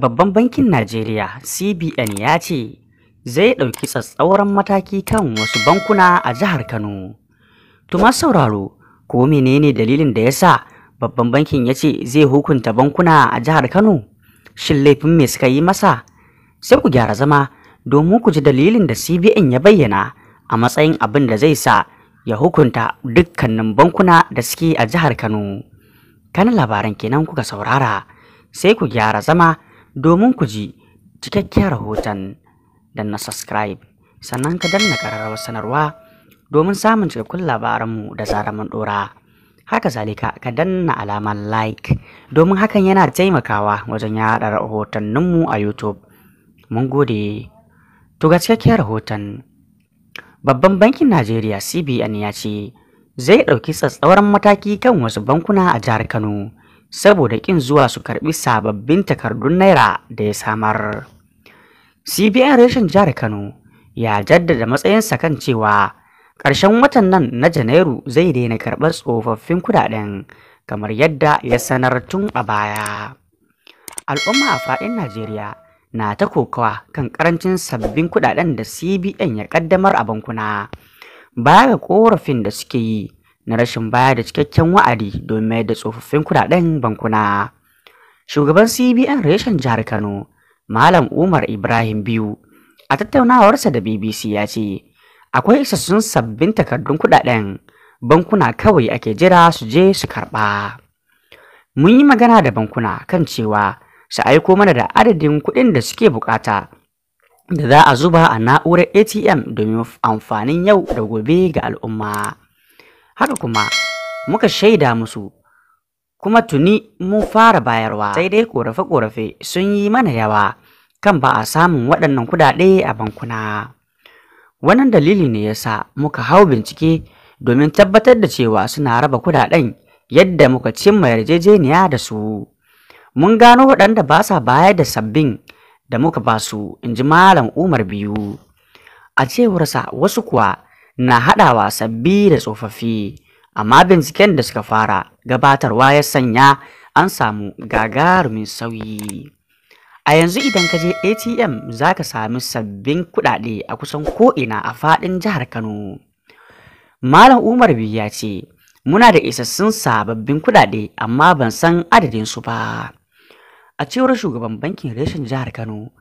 Babban Bankin Najeriya CBN ya ce zai ɗauki tsatsauran mataki kan wasu bankuna a jihar Kano. Tuma sauraro, ko menene dalilin da ya sa Babban Bankin ya ce zai hukunta bankuna a jihar Kano? Shin laifin me suka yi masa? Sai ku gyara zama domin ku ji dalilin da CBN ya bayyana a matsayin abin da zai sa ya hukunta dukkanin bankuna da suke a jihar Kano. Kana labaran kenan kuka saurara, sai ku gyara zama. Domin ku ji cikakken rahoton na subscribe sannan ka danna ƙararrawar sanarwa domin samun cikakkun labaranmu da zaraman ɗora. Haka zalika ka danna alamar like domin hakan yana taimakawa wajen yaɗa rahotanninmu a YouTube. Mun gode. To ga cikakken rahoton Babban Bankin Najeriya CBN ya ce zai ɗauki tsatsauran mataki kan wasu bankuna a jihar Kano. saboda ƙin zuwa su karɓi sababbin takardun naira da ya samar. CBN reshen jihar Kano ya jaddada matsayinsa kan cewa ƙarshen watan nan na Janairu zai daina karɓar tsofaffin kudaden kamar yadda ya sanar tun a baya. Al'umma a faɗin Najeriya na ta kokawa kan ƙarancin sabbin kudaden da CBN ya ƙaddamar a bankuna. Baya ga ƙorafin da suke yi na rashin baya da cikakken wa'adi don mayar da tsofaffin kudaden bankuna shugaban cbn reshen jihar kano malam umar ibrahim biyu a tattaunawarsa da bbc ya ce akwai isassun sabbin takardun kudaden bankuna kawai ake jira su je su karba mun yi magana da bankuna kan cewa su aiko mana da adadin kuɗin da suke bukata da za a zuba a na'urar atm domin amfanin yau da gobe ga al'umma haka kuma muka shaida musu kuma tuni mun fara bayarwa sai dai korafe-korafe sun yi mana yawa kan ba a samun waɗannan kuɗaɗe a bankuna wannan dalili ne ya sa muka hau bincike domin tabbatar da cewa suna raba kuɗaɗen yadda muka cimma yarjejeniya da su mun gano waɗanda ba sa bayar da sabbin da muka ba su in ji malam umar biyu a cewarsa wasu kuwa na haɗawa sabbi da tsofaffi amma binciken da suka fara gabatarwa ya sanya an samu gagarumin sauyi a yanzu idan ka je atm za ka sami sabbin kuɗaɗe a kusan ko'ina a faɗin jihar kano malam umar biyu ya ce muna da isassun sababbin kuɗaɗe amma ban san adadinsu ba a cewar shugaban bankin reshen jihar kano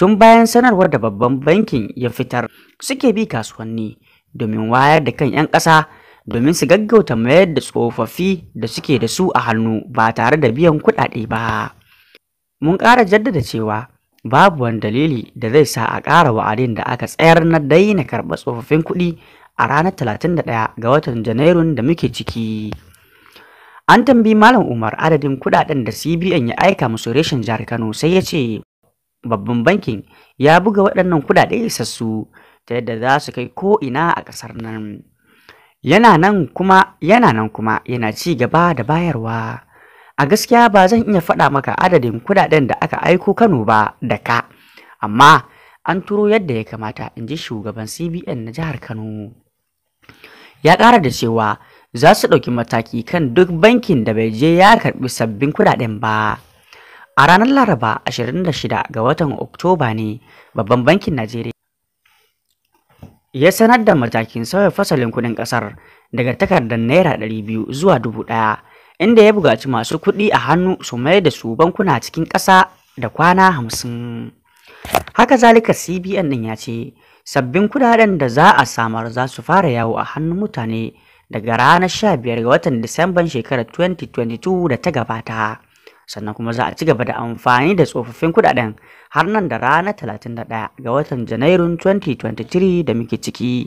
tun bayan sanarwar da babban bankin ya fitar suke bi kasuwanni domin wayar da kan 'yan ƙasa domin su gaggauta mayar da tsofaffi da suke da su a hannu ba tare da biyan kuɗaɗe ba. Mun ƙara jaddada cewa babu wani dalili da zai sa a ƙara wa'adin da aka tsayar na daina karɓar tsofaffin kuɗi a ranar 31 ga watan Janairun da muke ciki. An tambi Malam Umar adadin kuɗaɗen da CBN ya aika musu reshen jihar Kano sai ya ce babban bankin ya buga waɗannan kuɗaɗe isassu ta yadda za su kai ko ina a ƙasar nan yana nan kuma yana nan kuma yana ci gaba da bayarwa a gaskiya ba zan iya faɗa maka adadin kuɗaɗen da aka aiko Kano ba da ka amma an turo yadda ya kamata in ji shugaban CBN na jihar Kano ya ƙara da cewa za su ɗauki mataki kan duk bankin da bai je ya karɓi sabbin kuɗaɗen ba a ranar laraba 26 ga watan oktoba ne babban bankin najeriya ya sanar da matakin sauya fasalin kuɗin ƙasar daga takardar naira 200 zuwa 1000 inda ya bugaci masu kuɗi a hannu su mai da su bankuna cikin ƙasa da kwana 50 haka zalika cbn din ya ce sabbin kudaden da za a samar za su fara yawo a hannun mutane daga ranar 15 ga watan disamban shekarar 2022 da ta gabata sannan kuma za a ci gaba da amfani da tsofaffin kudaden har nan da ranar 31 ga watan janairun 2023 da muke ciki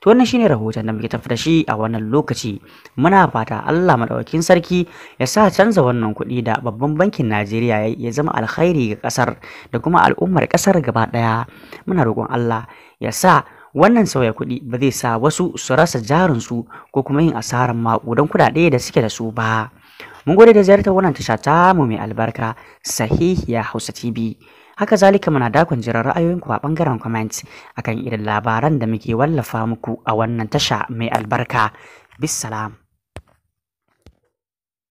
to wannan shine rahoton da muke tafi da shi a wannan lokaci muna fata Allah madaukakin sarki ya sa canza wannan kuɗi da babban bankin Najeriya ya zama alkhairi ga ƙasar, da kuma al'ummar ƙasar gaba ɗaya. muna roƙon Allah ya sa wannan sauya kuɗi ba zai sa wasu su rasa jarinsu ko kuma yin asarar maƙudan kuɗaɗe da suke da su ba mun gode da ziyartar wannan tasha ta mu mai albarka ya hausa tv haka zalika muna dakon jiran ra'ayoyinku a bangaren comment akan irin labaran da muke wallafa muku a wannan tasha mai albarka bisalam